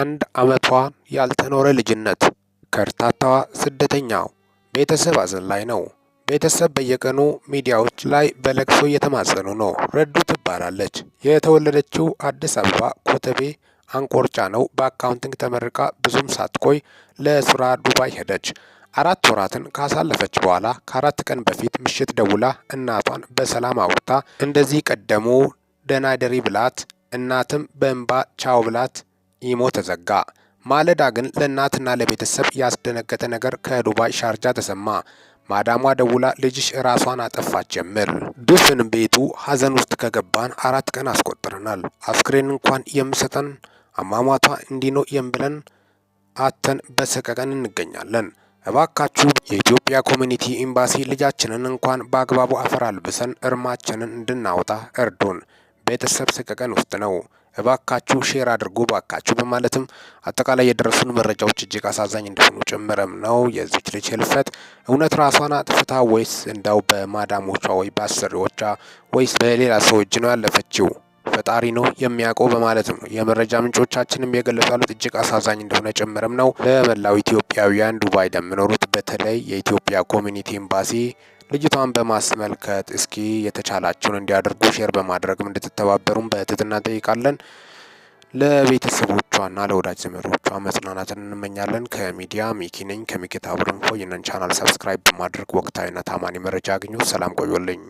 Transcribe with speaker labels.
Speaker 1: አንድ አመቷ ያልተኖረ ልጅነት ከእርታታዋ ስደተኛው ቤተሰብ አዘን ላይ ነው። ቤተሰብ በየቀኑ ሚዲያዎች ላይ በለቅሶ እየተማጸኑ ነው። ረዱ ትባላለች። የተወለደችው አዲስ አበባ ኮተቤ አንቆርጫ ነው። በአካውንቲንግ ተመርቃ ብዙም ሳትቆይ ለስራ ዱባይ ሄደች። አራት ወራትን ካሳለፈች በኋላ ከአራት ቀን በፊት ምሽት ደውላ እናቷን በሰላም አውርታ እንደዚህ ቀደሙ ደናደሪ ብላት እናትም በእንባ ቻው ብላት ኢሞ ተዘጋ። ማለዳ ግን ለእናትና ለቤተሰብ ያስደነገጠ ነገር ከዱባይ ሻርጃ ተሰማ። ማዳሟ ደውላ ልጅሽ ራሷን አጠፋች ጀምር። ድፍን ቤቱ ሀዘን ውስጥ ከገባን አራት ቀን አስቆጥረናል። አስክሬን እንኳን የምሰጠን አሟሟቷ እንዲህ ነው የምብለን አተን በሰቀቀን እንገኛለን። እባካችሁ የኢትዮጵያ ኮሚኒቲ ኤምባሲ ልጃችንን እንኳን በአግባቡ አፈር አልብሰን እርማችንን እንድናወጣ እርዱን። ቤተሰብ ሰቀቀን ውስጥ ነው። እባካችሁ ሼር አድርጉ እባካችሁ በማለትም አጠቃላይ የደረሱን መረጃዎች እጅግ አሳዛኝ እንደሆኑ ጭምርም ነው። የዚች ልጅ ህልፈት እውነት ራሷን አጥፍታ ወይስ እንዳው በማዳሞቿ ወይ በአሰሪዎቿ ወይስ በሌላ ሰው እጅ ነው ያለፈችው? ፈጣሪ ነው የሚያውቀው በማለትም ነው የመረጃ ምንጮቻችንም የገለጹ ያሉት እጅግ አሳዛኝ እንደሆነ ጭምርም ነው። ለመላው ኢትዮጵያውያን ዱባይ ለምኖሩት በተለይ የኢትዮጵያ ኮሚኒቲ ኤምባሲ ልጅቷን በማስመልከት እስኪ የተቻላቸውን እንዲያደርጉ ሼር በማድረግም እንድትተባበሩም በትህትና እንጠይቃለን። ለቤተሰቦቿና ለወዳጅ ዘመዶቿ መጽናናትን እንመኛለን። ከሚዲያ ሚኪ ነኝ። ከሚኪታ ቡድን ቻናል ሰብስክራይብ በማድረግ ወቅታዊና ታማኒ መረጃ አግኙ። ሰላም ቆዩልኝ።